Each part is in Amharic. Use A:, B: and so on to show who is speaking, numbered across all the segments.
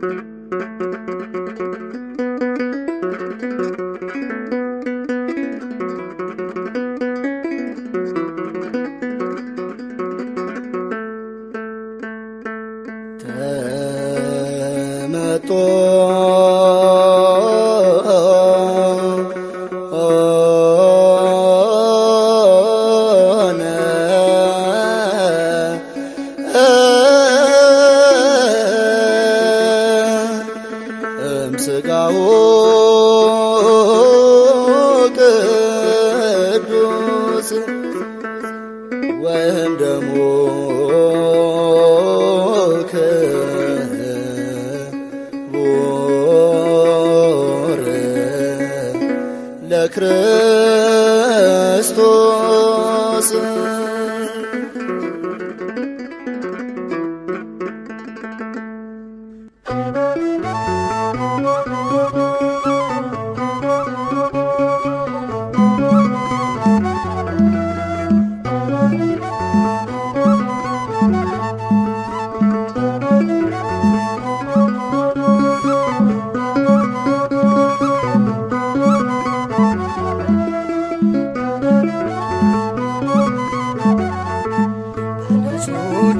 A: تامطون ወይም ደግሞ ክቡር ለክርስቶስ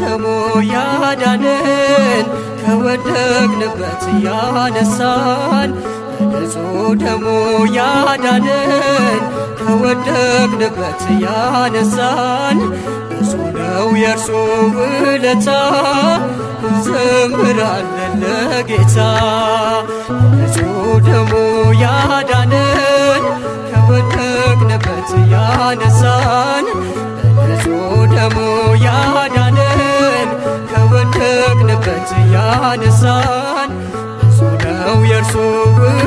A: ከደሙ ያዳነን ከወደቅንበት ያነሳን በንጹሕ ደሙ ያዳነን ከወደቅንበት ያነሳን ብዙ ነው የእርሱ ውለታ
B: እንዘምራለን
A: ለጌታ በንጹሕ ደሙ ያዳነን ከወደቅንበት ያነሳን ያነሳን ብዙ ነው የእርሱ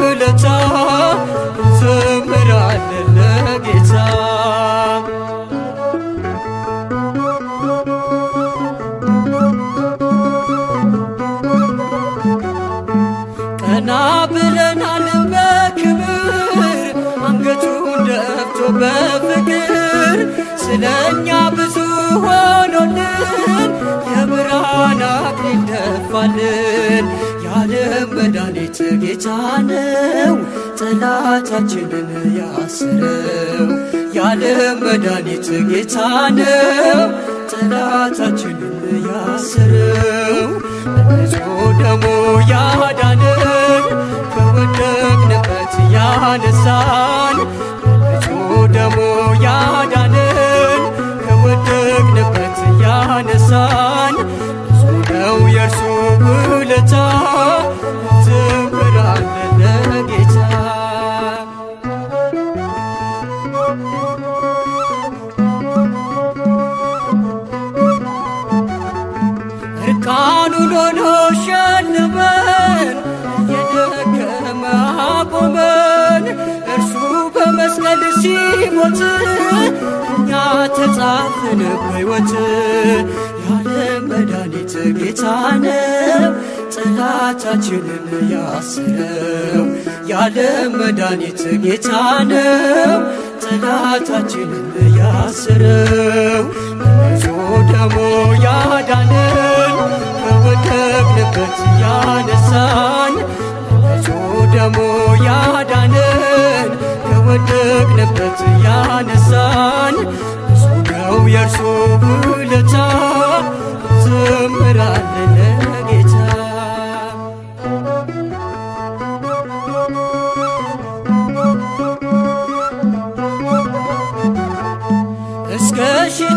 A: ውለታ፣ እንዘምራለን ለጌታ። ቀና ብለናል በክብር አንገቱን ደፍቶ በፍቅር ስለኛ እንወደዋለን። የዓለም መድኃኒት ጌታ ነው ጠላታችንን ያስረው። የዓለም መድኃኒት ጌታ ነው ጠላታችንን ያሰረው። በንጹሕ ደሙ ያዳነን ከወደቅንበት ያነሳ እርቃኑን ሆኖ ሸልመን እርሱ በመስቀል ሲሞት እኛ ተጻፍን በሕይወት ያለ መድኃኒት ጌታ ነው ጠላታችንን ያስረው ያለ መድኃኒት ጌታ ነው ጠላታችንን ያሰረው እሱ ደግሞ ያዳነን ከወደቅንበት ያነሳን ብዙ ደሞ ያዳነን ከወደቅንበት ያነሳን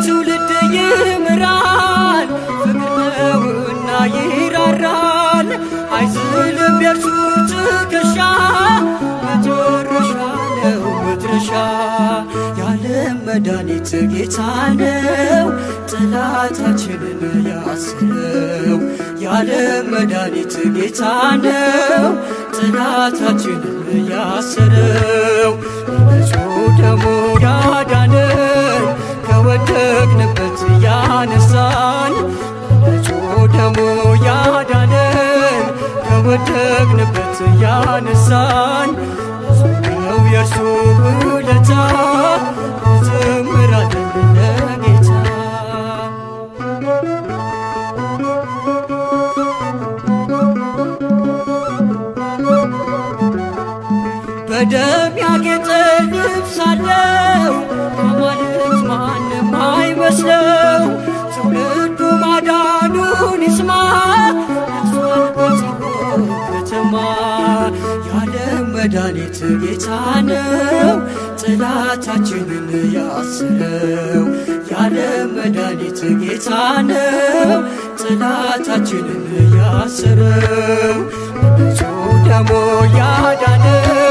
A: ትውልድ ይምራል ፍቅርና ይራራል አይዝልም የእርሱ ትከሻ መጨረሻ ነው መድረሻ የዓለም መድኃኒት ጌታ ነው ጠላታችንን ያስረው የዓለም መድኃኒት ጌታ ነው ጠላታችንን ያስረው ከወደቅንበት ያነሳን ነው የእርሱ ውለታ። እንዘምራለን በደም ያጌጠ ልብስ አለው ከማለት ማንም አይመስለው ትውልዱ ማዳኑን ይስማ መድኃኒት ጌታ ነው ጥላታችንን ያስረው ያለ መድኃኒት ጌታ ነው ጥላታችንን ያስረው ብዙ ደሞ ያዳነው